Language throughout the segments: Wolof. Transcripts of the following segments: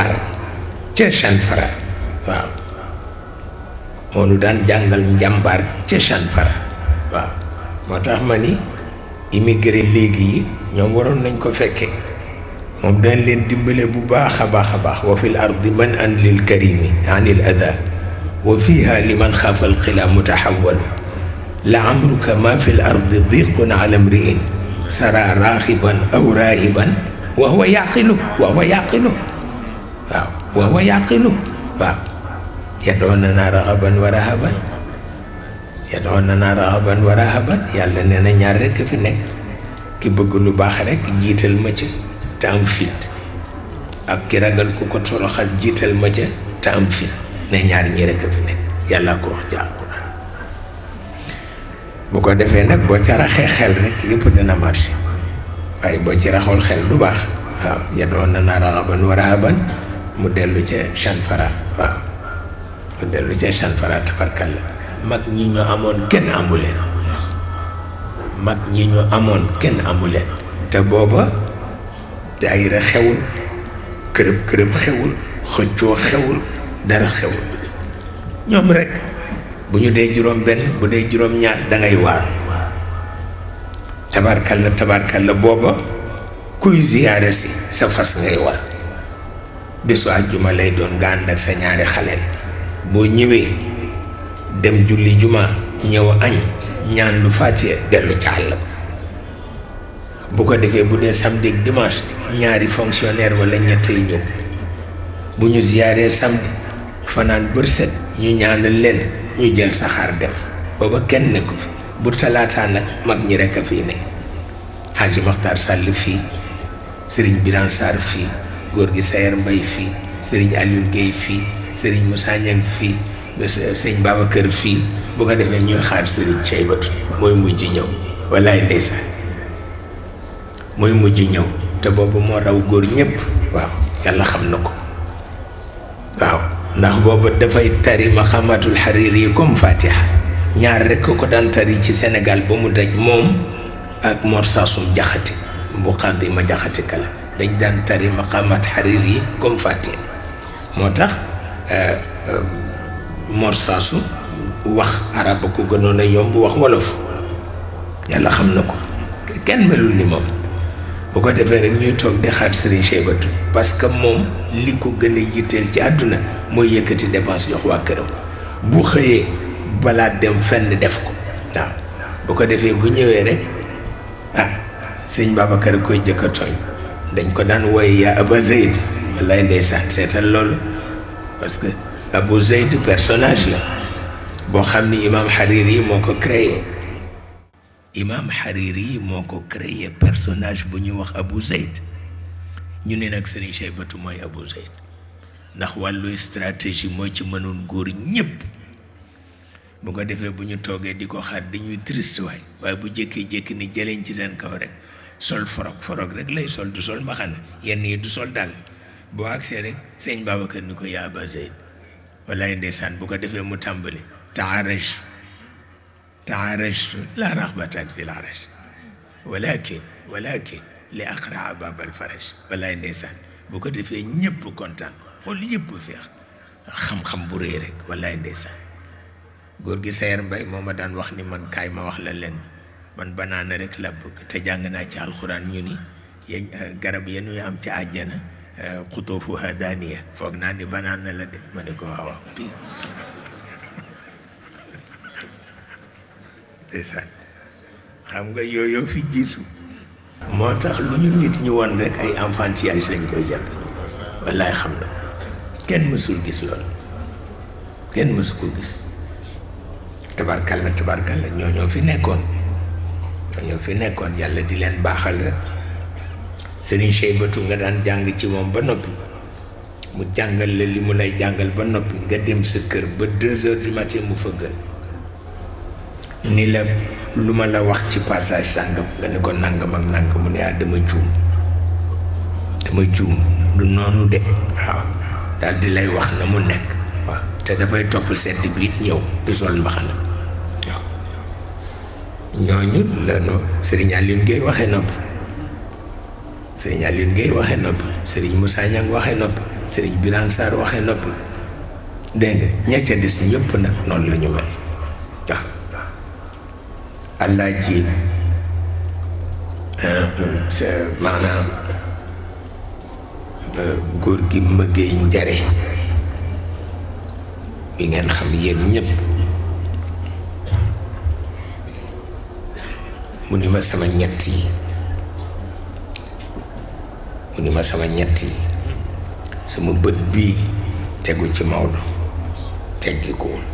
bar ca fara waaw moo nu daan jàngal njàmbaar ca Sanfara waaw moo tax immigré légui ñom waron nañ ko fekke mom dañ leen dimbale bu baakha baakha baax wa fil ardi man an lil karimi yani al adha wa fiha liman khafa al qila mutahawwal la amruka ma fil l ardi diqun ala mriin sara rahiban aw rahiban وهو يعقله وهو يعقله waaw wa huwa yaqilu waaw yadoonanaa raxaban wa rahaban yadoonanaa raxaban wa rahaban yàlla nee na ñaar rekk fi nekk ki bëgg lu baax rekk jiital ma ca te am fit ak ki ragal jiital ma ca te am fit ne ñaar ñi rekk fi nekk yàlla ko wax ci bu ko defee nag boo ca raxee xel rek yëpp dina marché waaye boo ci raxul xel lu baax waaw yadoonanaa raxaban wa rahaban mu dellu ca chanfara waaw mu dellu ca chanfara mag ñi ñu amoon kenn amuleen mag ñi ñu amoon kenn amuleen te booba daayira xewul kërëb kërëb xewul xëccoo xewul dara xewul ñoom rekk bu ñu dee juróom benn bu dee juróom ñaar dangay waar tabarkalla tabarkalla booba kuy ziyaare si sa fas ngay waar bésu àjjuma lay doon nga ànd sa ñaari xaleel boo ñëwee dem julli juma ñëw añ ñaan lu fàttee dellu ca àll ba bu ko defee bu dee samedi ak dimanche ñaari fonctionnaire wala ñett yi ñëw bu ñu ziyaaree samedi fanaan bërset ñu ñaanal leen ñu jël saxaar dem booba kenn nekku fi bu talaataa nag mag ñi rekk a fii ne Xaaji Maxtaar Sàll fii Sëriñ Biraan Saar fii góor gi Sayer mbay fii Serigne Alioune Guèye fii sëriñ Moussa Niang fii sëñ kër fii bu ko defee ñuy xaar Serigne Cheybatu mooy mujj ñëw wallaay ndeysaan mooy mujj ñëw te boobu moo raw góor ñépp waaw yàlla xam na ko waaw ndax boobu dafay tari Maxamatul Hariri yi comme Fatiha ñaar rek ko daan tari ci senegal ba mu daj moom ak Mor Sassoum Jaxate bu ma jaxate kala dañ daan tari maqaamaat xarir yi comme fàtte moo tax euh, euh, Mor Saasu wax arab ko gënoon a yomb wax wolof yàlla xam na ko kenn melul ni moom bu ko defee rek ñuy toog di xaar Serigne Cheibatu parce que moom li ko gën a yitteel ci àdduna mooy yëkkati dépense jox waa këram bu xëyee balaa dem fenn def ko waaw bu ko defee bu ñëwee rek ah sëñ Babacar koy jëkk a tooñ dañ ko daan woy yaa Aba Zeyd wallaay ndeysaan seetal loolu parce que Abu Zeyd personnage la boo xam ni Imaam yi moo ko créé Imaam yi moo ko créé personnage bu ñuy wax Abu Zeyd ñu ne nag Serigne Cheikh Batu mooy Abu Zeyd ndax wàllu stratégie mooy ci mënoon góor ñëpp bu ko defee bu ñu toogee di ko xaar dañuy triste waay waaye bu jékkee jékki ni jëleeñ ci seen kaw rek sol forok forok rek lay sol du sol mbaxana yenn yi du sol daal boo agsee rek sëñ babakar ni ko yaa ba Zeyd wallahi ndessane bu ko defé mu tàmbali taarajtu taarajtu la raxbatan fil laraj walakin walakin li aqraa babal faraj wallaay ndeysaan bu ko defee ñëpp kontaan xool yëpp feex xam-xam bu rëy rek wallaay ndeysaan góor gi Sayer Mbaye moo ma daan wax ni man kaay ma wax la leen man banaana rek la te jàng naa ci alxuraan ñu ni yéen eh, garab ya nuy am ci àjjana eh, xutoofuha daaniya foog naa ni banaana la de ma ne ko waaw waaw pii xam nga yooyu fi jiitu moo tax lu ñu nit ñi woon rek ay enfantillage lañ koy jàpp wallaay xam na kenn mësul gis loolu kenn mësu ko gis tabarkalla la ñoo ñoo fi nekkoon dafa ñëw fi nekkoon yàlla di leen baaxal rek sëriñ Cheybatu nga daan jàng ci moom ba noppi mu jàngal la li mu lay jàngal ba noppi nga dem sa kër ba deux heures du matin mu fëggal ni la lu ma la wax ci passage sàngam nga ne ko nàngam ak nàngam mu ne ah dama juum dama juum lu noonu de waaw daal di lay wax na mu nekk waaw te dafay topp sedd biit ñëw du sol mbaxana ñooñu la no Serigne Aline Gueye waxee nopp Serigne Aline Gueye waxee nopp Serigne Moussa Niang waxee nopp Serigne Birane Sarr waxee nopp dégg nga ña ca des ñëpp nag noonu la ñu mel waaw Alaaji ah, euh, maanaam euh, góor gi mëggee njare bi ngeen xam yéen ñëpp. mu ni ma sama ñett yi mu ni ma sama ñett yi sama bët bii tegu ci Maodo teggi ko woon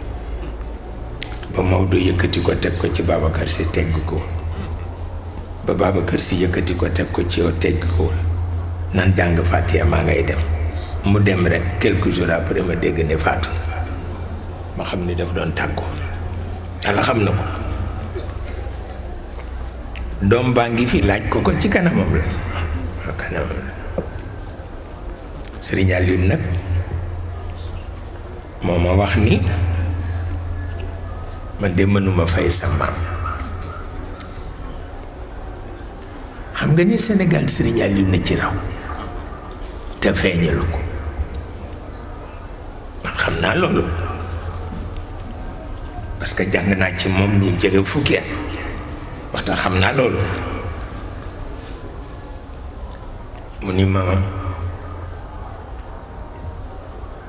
ba Maodo yëkkati ko teg ko ci Babacar Sy ko ba Babacar Sy yëkkati ko teg ko ci yow teggi ko nan jàng fàtte maa ngay dem mu dem rek quelques jours après ma dégg ne faatu ma xam ni daf doon tàggoo yàlla xam na ko doom baa ngi fi laaj ko ko ci kanamam la kanamam la Sëriñ Aliou nag moo ma wax ni man de mënuma fay sa maam xam nga ni Sénégal Sëriñ Aliou na ci raw te feeñalu ko man xam naa loolu parce que jàng naa ci moom lu jege fukki at wax na xam naa loolu mu ni ma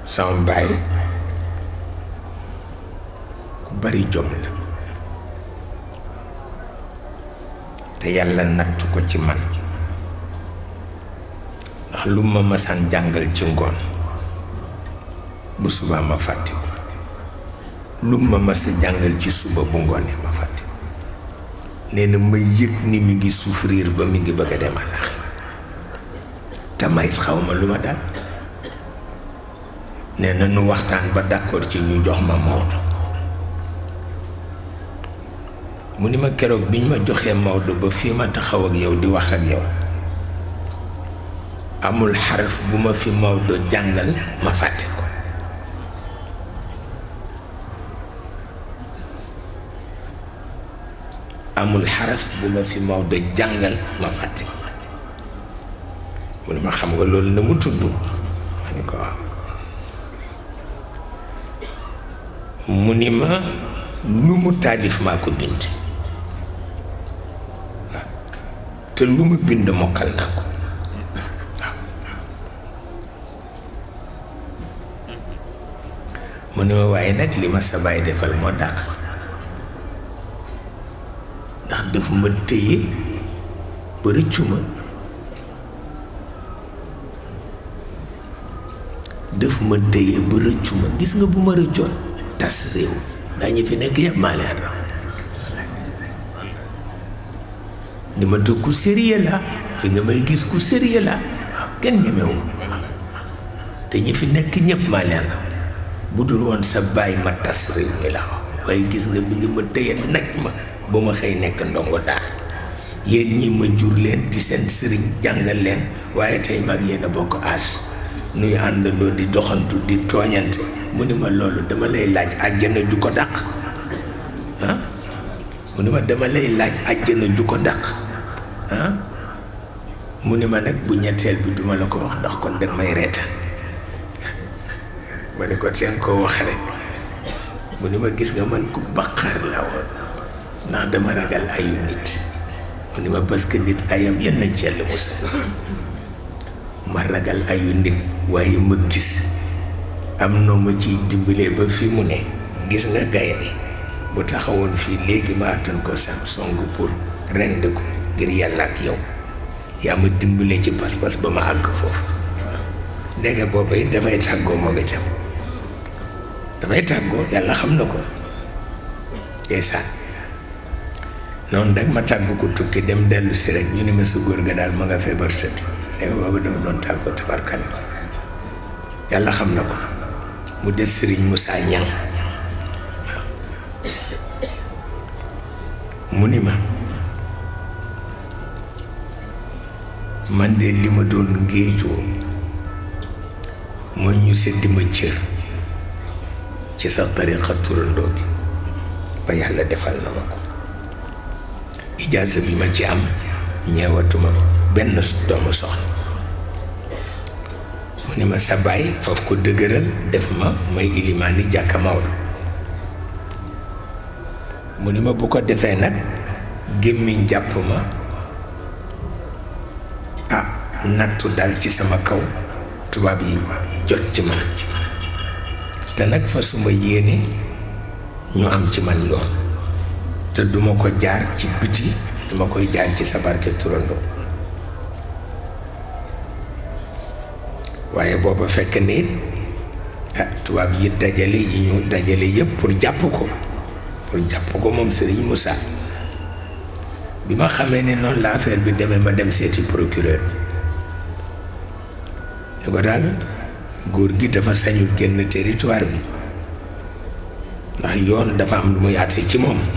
sama baay ku bari jom la te yàlla nattu ko ci man ndax lu ma masaan jàngal ci ngoon bu subaa ma fàtte ko lu ma masa jàngal ci suba bu i ma fàtte nee na ma yëg ni mi ngi souffrir ba mi ngi bëgg a dem àllax te may xaw ma lu ma dal nee na nu waxtaan ba d'accord ci ñu jox ma Maodo mu ni ma keroog bi ñu ma joxee Maodo ba fii ma taxaw ak yow di wax ak yow amul xaraf bu ma fi Maodo jàngal ma fàtte amul xaraf bu ma fi Maodo jàngal ma fàtte mu ne ma xam nga loolu na mu tudd ma ni ko waaw mu ni ma lu mu taalif maa ko bind te lu mu bind mokkal naa ko mu ne ma waaye nag li ma sa baay defal moo dàq ndax dafa ma téye ba rëccu ma daf ma téye ba rëccu ma gis nga bu ma rëccoon tas réew ndax ñi fi nekk yëpp maa leen raw ni ma toog ku sérieux la fi nga may gis ku sérieux la waaw kenn ñemewu ma te ñi fi nekk ñépp maa leen raw bu dul woon sa baay ma tas réew mi la waaye gis nga mi ngi ma téye naj ma Buma xey nek yeni ndongo da yeen ñi ma jur leen di seen sëriñ jangal leen waye tay mag yéen a bokk âge nuy andalo di doxantu di toñante mu ni ma loolu dama lay laaj aljana ju ko ah? dama lay laaj aljana ju ko ah? bu ñettel bi duma la ko wax ndax kon dag may reta mané ko tian ko wax rek mu gis nga man ku bakkar la ndax dama ragal ayu nit mu ni ma parce que nit ayam yenn nañ ci Yàlla musal ma ragal ayu nit waaye ma gis am noo ciy dimbalee ba fi mu ne gis nga gaynde bu taxawoon fii léegi ma àttan ko sax song pour rend ko ngir yàlla ak yow yaa ma dimbale ci pas-pas ba ma àgg foofu ndeke booba it dafay tàggoo moo nga dafay tàggoo yàlla xam na ko ndeysaan noonu rek ma tàggu ko tukki dem dellusi si rek ñu ni ma sa góor ga daal ma nga feebar sët léegi booba dafa doon tàggoo tabarkan yàlla xam na ko mu des sëriñ Moussa Niang mu ni ma man de li ma doon ngéejoo mooy ñu seddi ma cër ci sa tariqa turandoo bi ba yàlla defal na ma ko ijaasa bi ma ci am ñeewatuma benn doomu soxna mu ne ma sa baay faf ko dëgëral def ma may ilimaani jàkka Maodo mu ne ma bu ko defee nag gémmiñ jàpp ma ah nattu dal ci sama kaw tubaab yi jot ci man te nag fa suma yéene ñu am ci man yoon te duma ko jaar ci biti duma koy jaar ci sa barke turandoo waaye booba fekk ne ah, tubaab yi dajale yi ñu dajale yëpp pour jàpp ko pour jàpp ko moom Serigne Moussa bi ma xamee ne noonu la affaire bi demee ma dem seeti procureur ni daal góor gi dafa sañu génn territoire bi ndax yoon dafa am lu muy àtte ci moom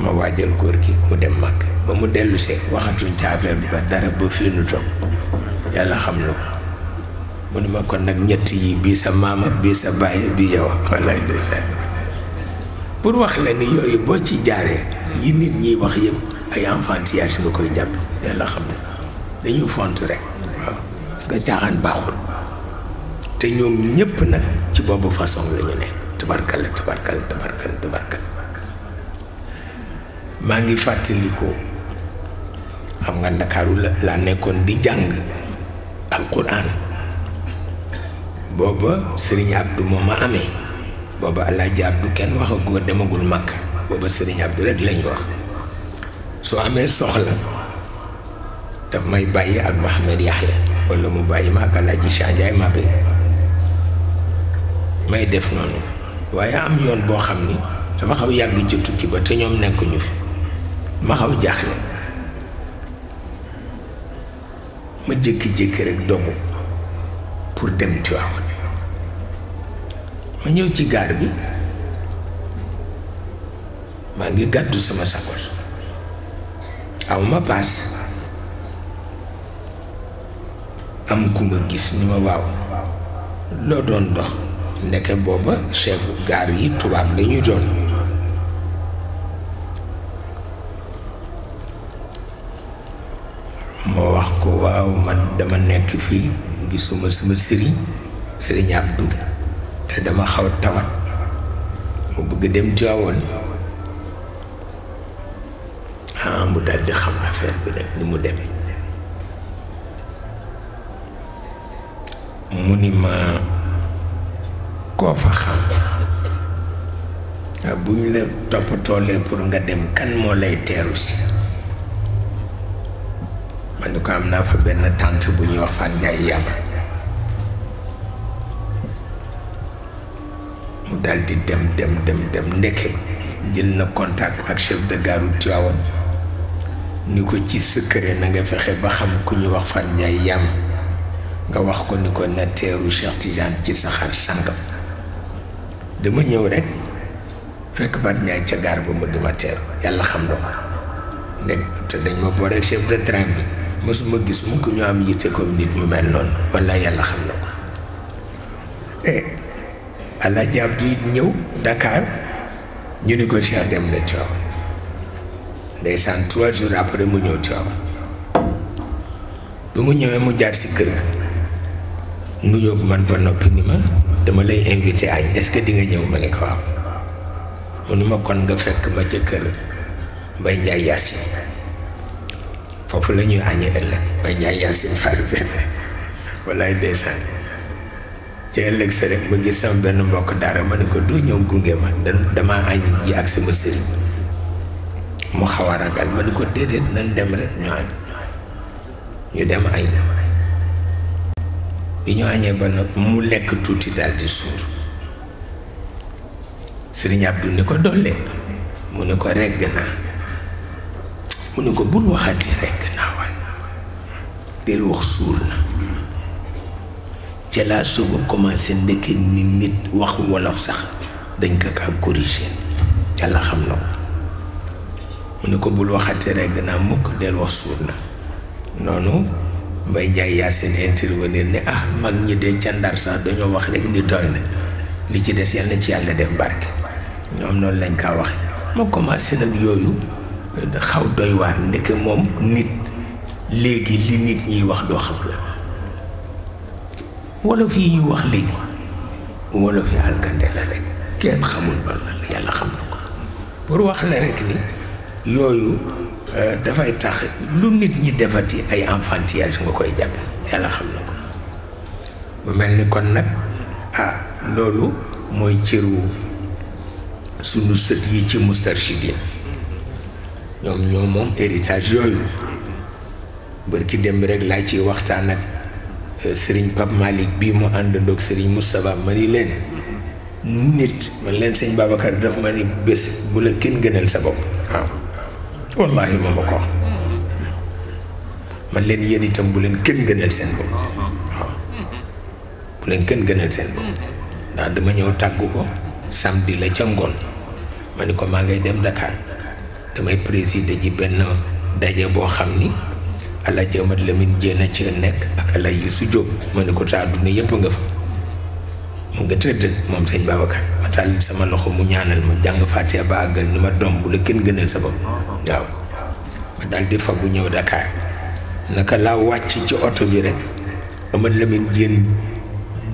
ma waajal góor gi mu dem màkk ba mu dellusee waxatuñ ci affaire bi ba dara ba fii nu toog yàlla xam lu ko mu ne ma kon nag ñett yi bii sa maama bii sa bàyyi bii yow wallaay ndeysaan pour wax la ni yooyu boo ci jaaree yi nit ñiy wax yëpp ay enfantillage nga koy jàpp yàlla xam ne dañuy font rek waaw parce caaxaan baaxul te ñoom ñëpp nag ci boobu façon la ñu nekk tabarkal tabarkal tabarkal maa ngi fàttalikoo xam nga ndakaaru la laa nekkoon di jàng alquran booba sëriñ Abdou moo ma amee booba Alaaji Abdou kenn waxagoo demagul Makka booba sëriñ Abdou rek lañu wax soo amee soxla daf may bàyyi ak Mahamed Yahya mu bàyyi ma ak Alaaji Cheikh Ndiaye Mabé may def noonu waaye am yoon boo xam ni dafa xaw yàgg ci tukki ba te ñoom nekkuñu fi ma xaw jaaxle ma jékki-jékki rek dogu pour dem Tiwaawan ma ñëw ci gaar bi maa ngi gàddu sama sakos aw ma paas am ku ma gis ni ma waaw loo doon dox nekk booba chef gaar yi tubaab lañuy doon mo wax ko waaw man dama nekk fii gisuma sama sëriñ sëriñ abdou te dama xaw tawat mu bëgg dem jawon ah mu dal di xam affaire bi nag ni mu dem mu ni ma koo fa xam bu ñu la toppatoolee pour nga dem kan moo lay teeru ma ni ko am naa fa benn tànt bu ñuy wax fan njaay yàlla mu dal dem dem dem dem ndekke jël na contact ak chef de gaaru Tivaouane ni ko ci secret na nga fexe ba xam ku ñuy wax fan njaay nga wax ko ni ko na teeru Cheikh Tidiane ci saxaar sàngam dama ñëw rek fekk fan ca gaar ba mu dima teeru yàlla xam na ko dégg te dañ ma booleeg chef de train bi mësuma gis mu ko ñu am yitte comme nit ñu mel noonu walla yàlla xam na ko eh, Alaaji Abdu it ñëw Dakar ñu ni ko Cheikh dem na Tiwaawan ndeysaan trois jours après mu ñëw Tiwaawan bi mu ñëwee mu jaar si kër gi mu yóbbu man ba noppi ni ma dama lay invité añ est-ce que ñëw ma ne ko waaw mu ni ma kon nga fekk ma ca kër Mbay Njaay Yaasin foofu lañuy ñuy añee ëllëg mooy ñaay Yaasin Fall bi wallaay ndeysaan ci ëllëg sa rek ma gis sama benn mbokk dara ma ne ko du ñëw gunge ma damaa añ yi ak sama sëriñ mu xaw a ragal ma ne ko déedéet nan dem rek ñu añ ñu dem añ bi ñu añee ba nag mu lekk tuuti daldi di suur sëriñ Abdou ni ko dollee mu ne ko regg naa mu ne ko bul waxati rekk naa waay del wax suur na ca laa soog a commencé ndeke nit wax wolof sax dañ ko kaa corrigé yàlla xam na ko mu ne ko bul waxati rekk naa mukk del wax suur na noonu bay njaay yaa seen intervenir ne ah mag ñi de ca ndar sax dañoo wax rekk ni doy na li ci des yàlla na ci yàlla def barke ñoom noonu lañ kaa waxe moo commencé nag yooyu xaw doy waar moom nit léegi li nit ñiy wax doo xam la wolof yi ñuy wax léegi wolof yi alkande la rek kenn xamul ban la yàlla xam na ko pour wax la rek ni yooyu euh, dafay tax lu nit ñi defati ay enfantillage nga koy jàppe yàlla xam na ko bu mel ni kon nag ah loolu mooy cëru sunu sët yi ci Moustarchidine ñoom ñoo moom héritage yooyu bërki dem rek laa ci waxtaan ak euh, sëriñ Pape Malick bii mu àndandoog sëriñ Moustapha ma ni leen nit man leen sëñ Babacar dafa ma ni bés bu la kenn gënal sa bopp waaw ko man leen yéen itam bu leen kenn gënal seen bopp waaw bu leen kenn ndax dama ñëw tàggu ko samedi la ca ngoon ma ni ko maa ngay dem Dakar damay présider ji benn daje boo xam ni ala jëmat Lamine jéem a cee nekk ak ala yi su jóg ma ne ko te àdduna yëpp nga fa mu nga tëdd moom sëñ Babacar ma tàll sama loxo mu ñaanal ma jàng fàtte ba àggal ni ma doom bu la kenn gënal sa bopp waaw ma daal di fa bu ñëw Dakar naka laa wàcc ci oto bi rek amat Lamine jéen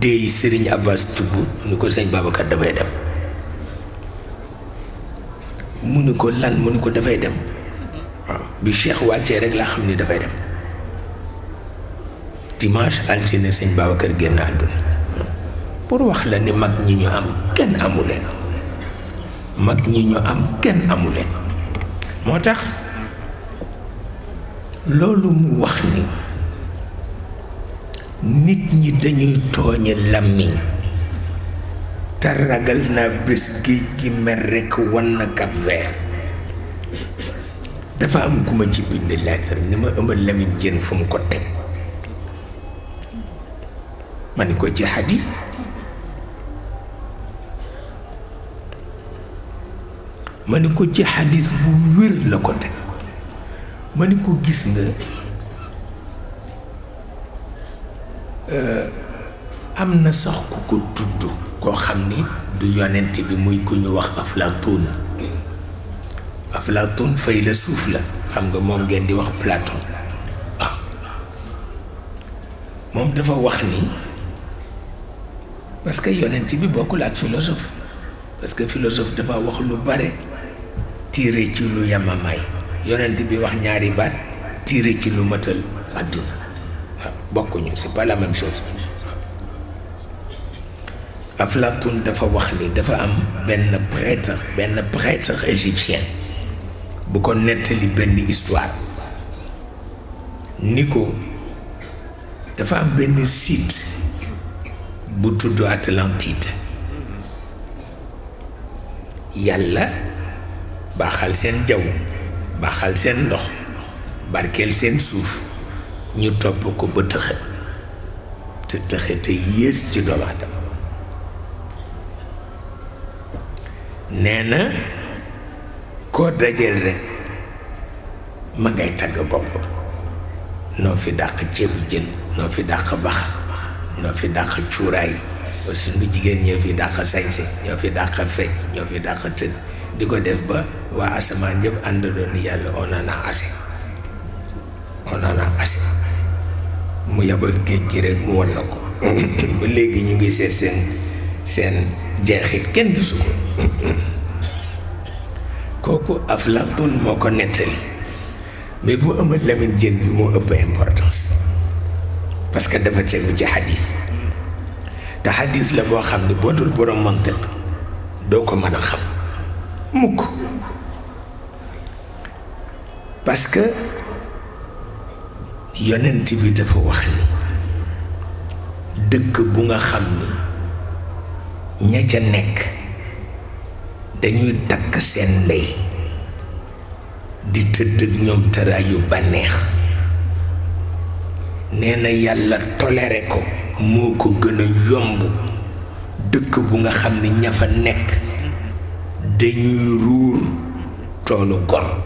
déey Serigne Abbas Thioub ni ko sëñ Babacar dafay dem mu ni ko lan mu ni ko dafay dem waaw bi Cheikh wàccee rek laa xam ni dafay dem dimanche altine sëñ Babacar génn àdduna pour wax la ni mag ñi ñu am kenn amuleen mag ñi ñu am kenn amuleen moo tax loolu mu wax ni nit ñi dañuy tooñe làmmiñ te ragal naa bés géej gi mer rekk wan na Cap Vert dafa am ku ci bind lettre ni ma ëmb Lamine Diène fu mu ko teg ma ni ko ci xadis ma ni ko ci xadis bu wér la ko teg ma ni ko gis nga euh, am na sax ku ko tudd ko xamni du yonent bi muy ku ñu wax Aflatoon Aflatoon fay le suuf la xam nga mom ngeen di wax Platon ah. mom dafa wax ni parce que yonent bi bokul ak philosophe parce que philosophe dafa wax lu bare tiré ci lu yamamay yonent bi wax ñaari baat tiré ci lu matal aduna waaw ah, bokkuñu c'est pas la même chose Aflatun dafa wax ni dafa am benn prêtre benn prêtre égyptien bu ko nettali benn histoire ni ko dafa am benn site bu tudd Atlantide yàlla baaxal seen jaw baaxal seen ndox barkeel seen suuf ñu topp ko ba tëxe te tëxe te yées ci doomu nee na koo dajeel rek ma ngay tagg boppam noo fi dàq ceebu jën noo fi dàq bax noo fi dàq cuuraay suñu jigéen ñoo fi dàq sañse ñoo fi dàq fecc ñoo fi dàq tëgg di ko def ba waa asamaan yëpp àndandoo ni yàlla on en a assez mu yabal géej gi rek mu wan na ko ba léegi ñu ngi seet seen seen jeexit kenn gisu ko kooku Aflatun moo ko nettali mais bu ëmma Lamine Diène bi moo ëpp importance parce que dafa tegu ci xadis te xadis la boo xam ne boo dul borom mantal doo ko mën a xam mukk parce que yonent bi dafa wax ni dëkk bu nga xam ni ña ca nekk dañuy takk seen ndey di tëdd ak ñoom tëraa yu bànneex nee na yàlla toléré ko moo ko gën a yomb dëkk bu nga xam ni ña fa nekk dañuy ruur toolu gor